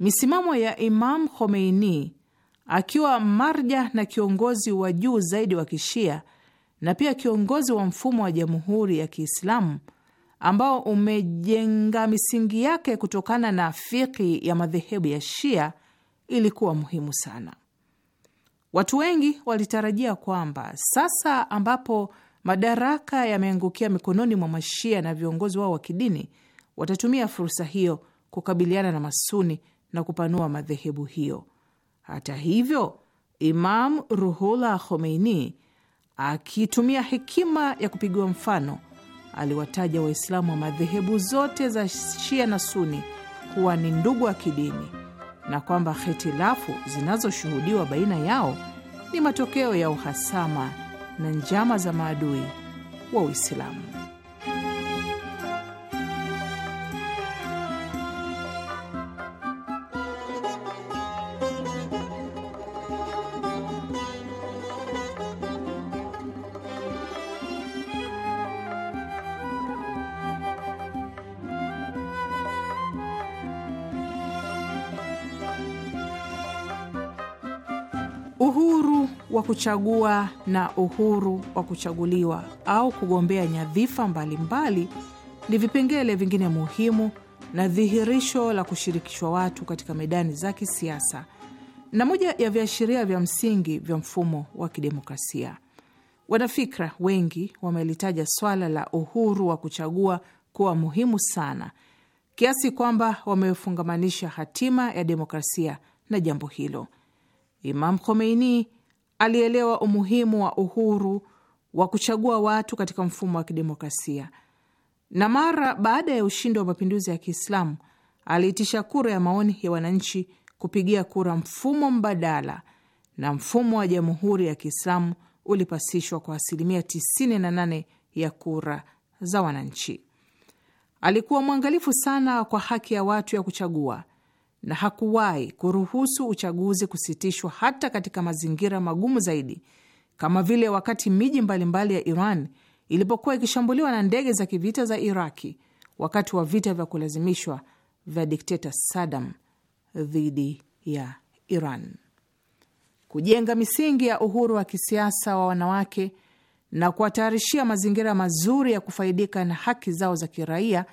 misimamo ya Imam Khomeini akiwa marja na kiongozi wa juu zaidi wa Kishia na pia kiongozi wa mfumo wa jamhuri ya Kiislamu ambao umejenga misingi yake kutokana na fiki ya madhehebu ya Shia ilikuwa muhimu sana. Watu wengi walitarajia kwamba sasa ambapo madaraka yameangukia mikononi mwa Mashia na viongozi wao wa kidini, watatumia fursa hiyo kukabiliana na Masuni na kupanua madhehebu hiyo. Hata hivyo, Imam Ruhullah Khomeini akitumia hekima ya kupigiwa mfano aliwataja Waislamu wa madhehebu zote za Shia na Suni kuwa ni ndugu wa kidini na kwamba hitilafu zinazoshuhudiwa baina yao ni matokeo ya uhasama na njama za maadui wa Uislamu. kuchagua na uhuru wa kuchaguliwa au kugombea nyadhifa mbalimbali ni vipengele vingine muhimu na dhihirisho la kushirikishwa watu katika medani za kisiasa na moja ya viashiria vya msingi vya mfumo wa kidemokrasia. Wanafikra wengi wamelitaja swala la uhuru wa kuchagua kuwa muhimu sana kiasi kwamba wamefungamanisha hatima ya demokrasia na jambo hilo. Imam Khomeini alielewa umuhimu wa uhuru wa kuchagua watu katika mfumo wa kidemokrasia, na mara baada ya ushindi wa mapinduzi ya Kiislamu aliitisha kura ya maoni ya wananchi kupigia kura mfumo mbadala, na mfumo wa jamhuri ya Kiislamu ulipasishwa kwa asilimia 98 ya kura za wananchi. Alikuwa mwangalifu sana kwa haki ya watu ya kuchagua na hakuwahi kuruhusu uchaguzi kusitishwa hata katika mazingira magumu zaidi, kama vile wakati miji mbalimbali ya Iran ilipokuwa ikishambuliwa na ndege za kivita za Iraki wakati wa vita vya kulazimishwa vya dikteta Saddam dhidi ya Iran. Kujenga misingi ya uhuru wa kisiasa wa wanawake na kuwatayarishia mazingira mazuri ya kufaidika na haki zao za kiraia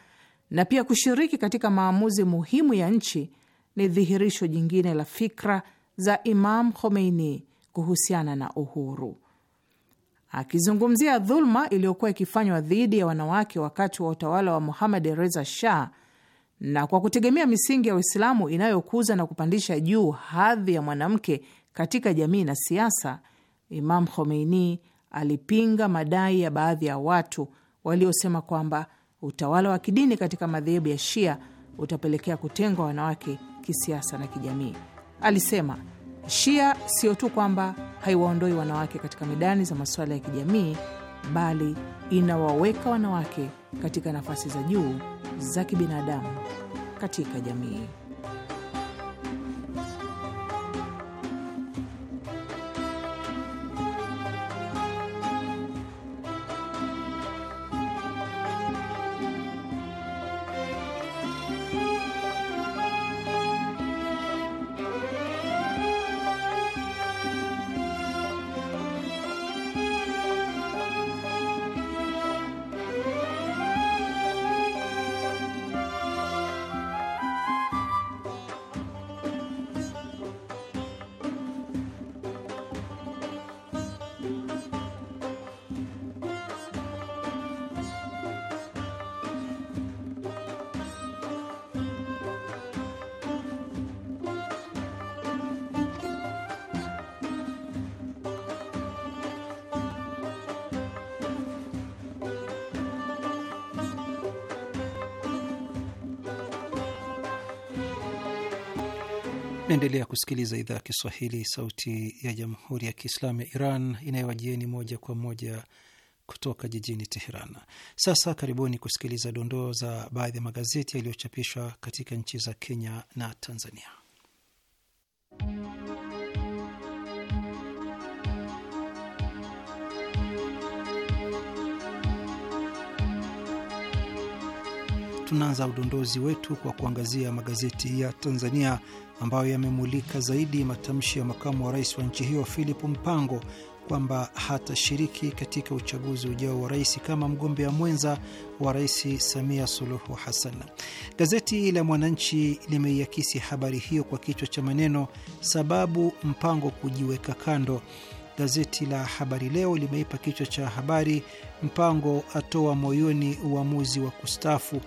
na pia kushiriki katika maamuzi muhimu ya nchi ni dhihirisho jingine la fikra za Imam Khomeini kuhusiana na uhuru. Akizungumzia dhuluma iliyokuwa ikifanywa dhidi ya wanawake wakati wa utawala wa Muhammad Reza Shah na kwa kutegemea misingi ya Uislamu inayokuza na kupandisha juu hadhi ya mwanamke katika jamii na siasa, Imam Khomeini alipinga madai ya baadhi ya watu waliosema kwamba utawala wa kidini katika madhehebu ya Shia utapelekea kutengwa wanawake kisiasa na kijamii. Alisema Shia sio tu kwamba haiwaondoi wanawake katika midani za masuala ya kijamii, bali inawaweka wanawake katika nafasi za juu za kibinadamu katika jamii. Naendelea kusikiliza idhaa ya Kiswahili, sauti ya jamhuri ya kiislamu ya Iran inayowajieni moja kwa moja kutoka jijini Teheran. Sasa karibuni kusikiliza dondoo za baadhi ya magazeti ya magazeti yaliyochapishwa katika nchi za Kenya na Tanzania. tunaanza udondozi wetu kwa kuangazia magazeti ya Tanzania ambayo yamemulika zaidi matamshi ya makamu wa rais wa nchi hiyo Philip Mpango kwamba hatashiriki katika uchaguzi ujao wa rais kama mgombea mwenza wa rais Samia Suluhu Hassan. Gazeti la Mwananchi limeiakisi habari hiyo kwa kichwa cha maneno, sababu Mpango kujiweka kando. Gazeti la Habari Leo limeipa kichwa cha habari, Mpango atoa moyoni uamuzi wa kustafu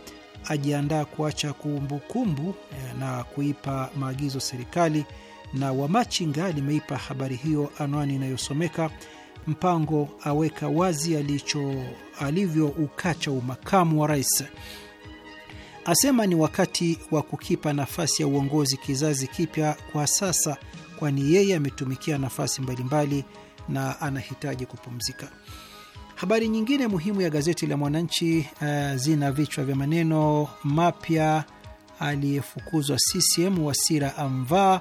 ajiandaa kuacha kumbukumbu eh, na kuipa maagizo serikali, na Wamachinga limeipa habari hiyo anwani inayosomeka Mpango aweka wazi alicho ukacha umakamu wa rais, asema ni wakati wa kukipa nafasi ya uongozi kizazi kipya kwa sasa, kwani yeye ametumikia nafasi mbalimbali na anahitaji kupumzika. Habari nyingine muhimu ya gazeti la Mwananchi uh, zina vichwa vya maneno mapya: aliyefukuzwa CCM Wasira amvaa,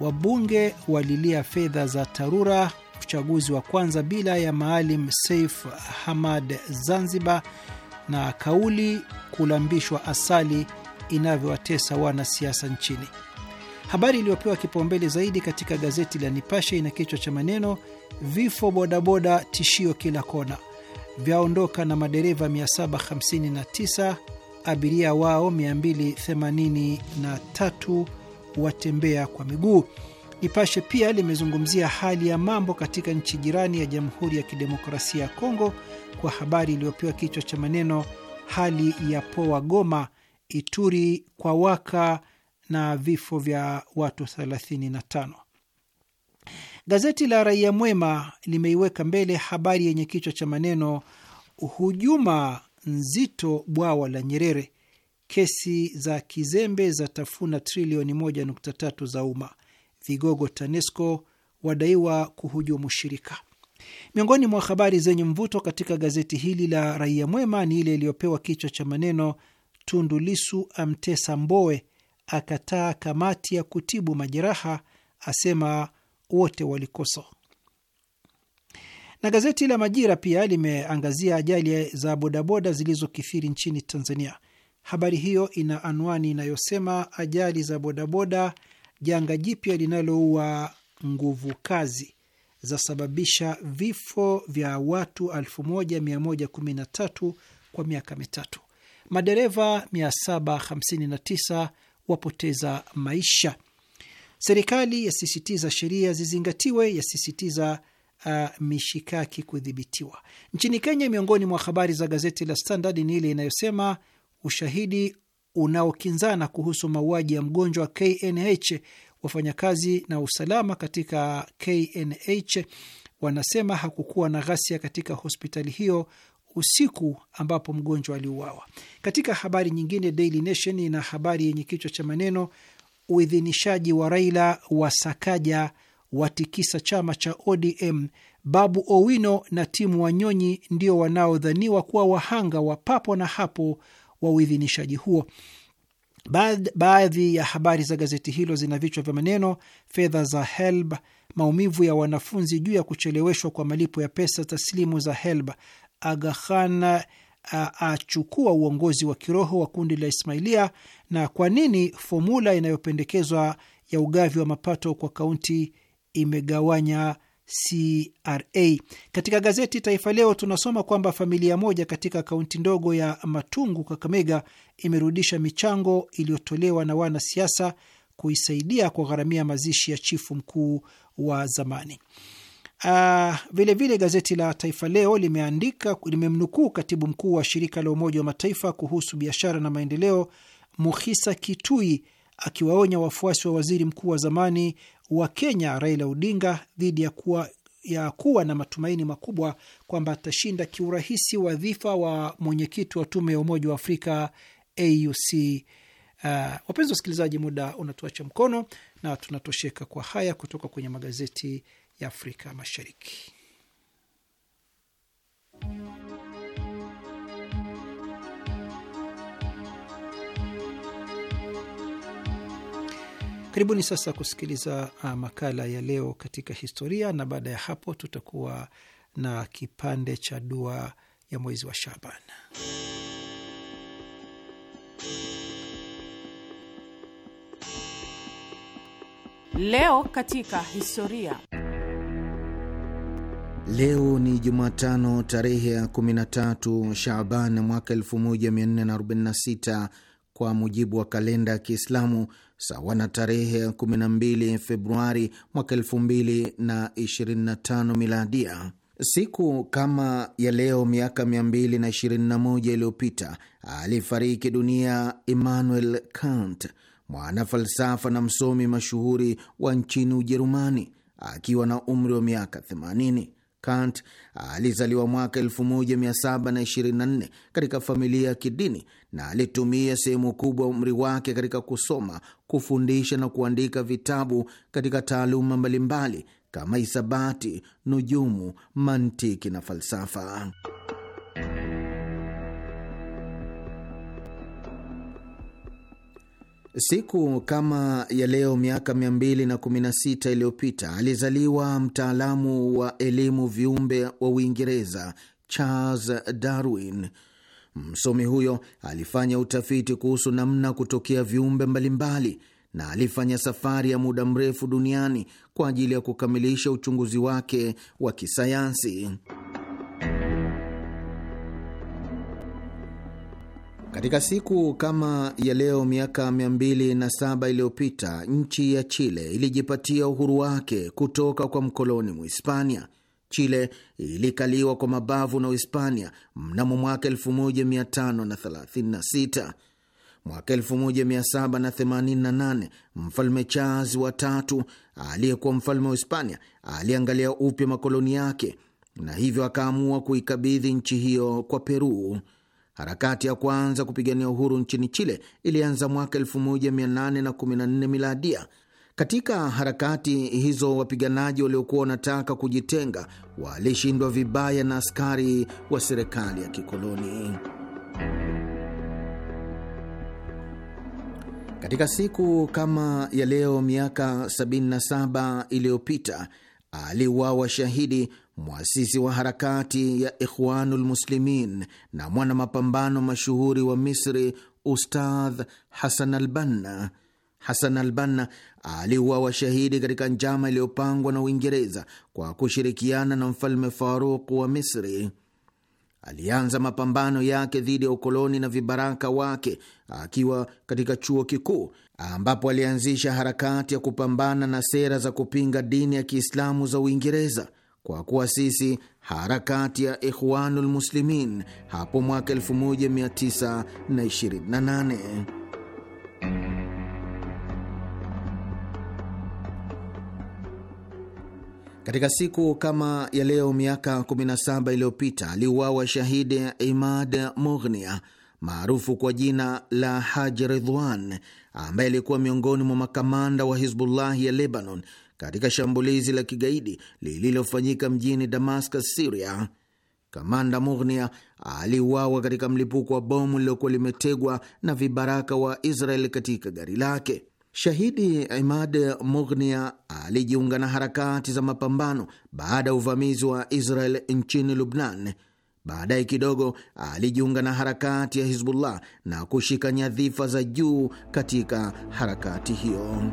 wabunge walilia fedha za TARURA, uchaguzi wa kwanza bila ya Maalim Seif Hamad Zanzibar, na kauli kulambishwa asali inavyowatesa wanasiasa nchini. Habari iliyopewa kipaumbele zaidi katika gazeti la Nipashe ina kichwa cha maneno vifo bodaboda tishio kila kona vyaondoka na madereva 759, abiria wao 283 watembea kwa miguu. Nipashe pia limezungumzia hali ya mambo katika nchi jirani ya Jamhuri ya Kidemokrasia ya Kongo kwa habari iliyopewa kichwa cha maneno hali ya poa Goma, Ituri kwa waka na vifo vya watu 35. Gazeti la Raia Mwema limeiweka mbele habari yenye kichwa cha maneno hujuma nzito bwawa la Nyerere, kesi za kizembe za tafuna trilioni 1.3 za umma, vigogo TANESCO wadaiwa kuhujumu shirika. Miongoni mwa habari zenye mvuto katika gazeti hili la Raia Mwema ni ile iliyopewa kichwa cha maneno Tundu Lisu amtesa Mbowe, akataa kamati ya kutibu majeraha, asema wote walikosa. Na gazeti la Majira pia limeangazia ajali za bodaboda zilizokithiri nchini Tanzania. Habari hiyo ina anwani inayosema ajali za bodaboda, janga jipya linaloua nguvu kazi zasababisha vifo vya watu 1113 kwa miaka mitatu. Madereva 759 wapoteza maisha. Serikali yasisitiza sheria zizingatiwe, yasisitiza uh, mishikaki kudhibitiwa. Nchini Kenya, miongoni mwa habari za gazeti la Standard ni ile inayosema ushahidi unaokinzana kuhusu mauaji ya mgonjwa KNH. Wafanyakazi na usalama katika KNH wanasema hakukuwa na ghasia katika hospitali hiyo usiku ambapo mgonjwa aliuawa. Katika habari nyingine, Daily Nation ina habari yenye kichwa cha maneno uidhinishaji wa Raila wa Sakaja watikisa chama cha ODM. Babu Owino na timu Wanyonyi ndio wanaodhaniwa kuwa wahanga wa papo na hapo wa uidhinishaji huo. Baadhi ya habari za gazeti hilo zina vichwa vya maneno: fedha za HELB, maumivu ya wanafunzi juu ya kucheleweshwa kwa malipo ya pesa taslimu za HELB, Aga Khan achukua uongozi wa kiroho wa kundi la Ismailia na kwa nini fomula inayopendekezwa ya ugavi wa mapato kwa kaunti imegawanya CRA. Katika gazeti Taifa Leo tunasoma kwamba familia moja katika kaunti ndogo ya Matungu, Kakamega, imerudisha michango iliyotolewa na wanasiasa kuisaidia kugharamia mazishi ya chifu mkuu wa zamani. Uh, ah, vilevile gazeti la Taifa Leo limeandika limemnukuu katibu mkuu wa shirika la Umoja wa Mataifa kuhusu biashara na maendeleo Mukhisa Kitui akiwaonya wafuasi wa waziri mkuu wa zamani wa Kenya Raila Odinga dhidi ya kuwa, ya kuwa na matumaini makubwa kwamba atashinda kiurahisi wadhifa wa mwenyekiti wa tume ya Umoja wa Afrika AUC. Uh, ah, wapenzi wasikilizaji, muda unatuacha mkono na tunatosheka kwa haya kutoka kwenye magazeti ya Afrika Mashariki. Karibuni sasa kusikiliza uh, makala ya leo katika historia, na baada ya hapo tutakuwa na kipande cha dua ya mwezi wa Shaaban. Leo katika historia. Leo ni Jumatano tarehe ya 13 Shaban mwaka 1446 kwa mujibu wa kalenda ya Kiislamu, sawa na tarehe ya 12 Februari mwaka 2025 miladia. Siku kama ya leo miaka 221 iliyopita alifariki dunia Immanuel Kant, mwana falsafa na msomi mashuhuri wa nchini Ujerumani akiwa na umri wa miaka 80. Kant alizaliwa mwaka 1724 katika familia ya kidini na alitumia sehemu kubwa umri wake katika kusoma, kufundisha na kuandika vitabu katika taaluma mbalimbali kama hisabati, nujumu, mantiki na falsafa. Siku kama ya leo miaka 216 iliyopita alizaliwa mtaalamu wa elimu viumbe wa Uingereza Charles Darwin. Msomi huyo alifanya utafiti kuhusu namna kutokea viumbe mbalimbali na alifanya safari ya muda mrefu duniani kwa ajili ya kukamilisha uchunguzi wake wa kisayansi. Katika siku kama ya leo miaka 207 iliyopita nchi ya Chile ilijipatia uhuru wake kutoka kwa mkoloni Muhispania. Chile ilikaliwa kwa mabavu na Uhispania mnamo mwaka 1536. Mwaka 1788 mfalme Charles wa tatu aliyekuwa mfalme wa Hispania aliangalia upya makoloni yake na hivyo akaamua kuikabidhi nchi hiyo kwa Peru. Harakati ya kwanza kupigania uhuru nchini Chile ilianza mwaka 1814 miladia. Katika harakati hizo wapiganaji waliokuwa wanataka kujitenga walishindwa vibaya na askari wa serikali ya kikoloni. Katika siku kama ya leo miaka 77 iliyopita aliuawa shahidi mwasisi wa harakati ya Ikhwanul Muslimin na mwana mapambano mashuhuri wa Misri, Ustadh Hasan Albanna. Hasan Albanna aliuawa shahidi katika njama iliyopangwa na Uingereza kwa kushirikiana na mfalme Faruk wa Misri. Alianza mapambano yake dhidi ya ukoloni na vibaraka wake akiwa katika chuo kikuu ambapo alianzisha harakati ya kupambana na sera za kupinga dini ya Kiislamu za Uingereza kwa kuasisi harakati ya Ikhwanul Muslimin hapo mwaka 1928. Katika siku kama ya leo miaka 17 iliyopita aliuawa shahidi Imad Mughnia maarufu kwa jina la Haji Ridwan ambaye alikuwa miongoni mwa makamanda wa Hizbullahi ya Lebanon katika shambulizi la kigaidi lililofanyika mjini Damascus, syria Kamanda Mughnia aliuawa katika mlipuko wa bomu lililokuwa limetegwa na vibaraka wa Israel katika gari lake. Shahidi Imad Mughnia alijiunga na harakati za mapambano baada ya uvamizi wa Israel nchini Lubnan. Baadaye kidogo alijiunga na harakati ya Hizbullah na kushika nyadhifa za juu katika harakati hiyo.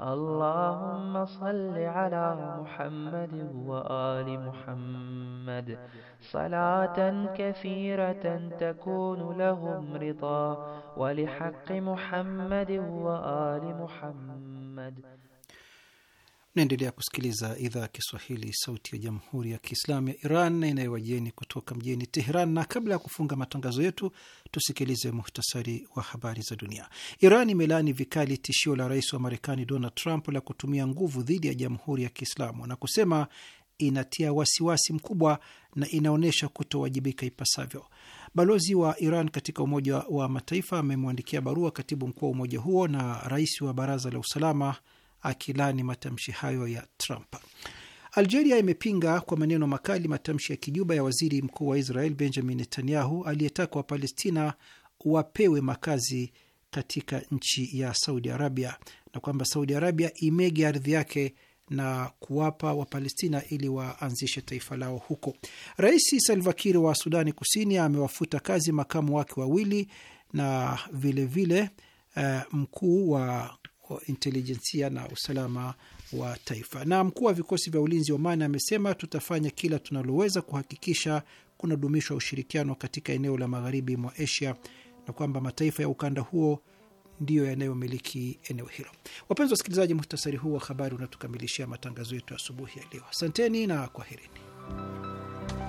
اللهم صل على محمد وآل محمد صلاة كثيرة تكون لهم رضا ولحق محمد وآل محمد Naendelea kusikiliza idhaa ya Kiswahili, sauti ya jamhuri ya kiislamu ya Iran inayowajieni kutoka mjini Teheran. Na kabla ya kufunga matangazo yetu, tusikilize muhtasari wa habari za dunia. Iran imelaani vikali tishio la rais wa Marekani Donald Trump la kutumia nguvu dhidi ya jamhuri ya Kiislamu na kusema inatia wasiwasi mkubwa na inaonyesha kutowajibika ipasavyo. Balozi wa Iran katika Umoja wa Mataifa amemwandikia barua katibu mkuu wa umoja huo na rais wa Baraza la Usalama akilani matamshi hayo ya Trump. Algeria imepinga kwa maneno makali matamshi ya kijuba ya waziri mkuu wa Israel Benjamin Netanyahu aliyetaka Wapalestina wapewe makazi katika nchi ya Saudi Arabia na kwamba Saudi Arabia imege ardhi yake na kuwapa Wapalestina ili waanzishe taifa lao huko. Rais Salvakir wa Sudani Kusini amewafuta kazi makamu wake wawili na vilevile vile, uh, mkuu wa intelijensia na usalama wa taifa. Na mkuu wa vikosi vya ulinzi Oman amesema tutafanya kila tunaloweza kuhakikisha kunadumishwa ushirikiano katika eneo la magharibi mwa Asia na kwamba mataifa ya ukanda huo ndiyo yanayomiliki eneo hilo. Wapenzi wasikilizaji, muhtasari huu wa habari unatukamilishia matangazo yetu asubuhi ya leo. Asanteni na kwaherini.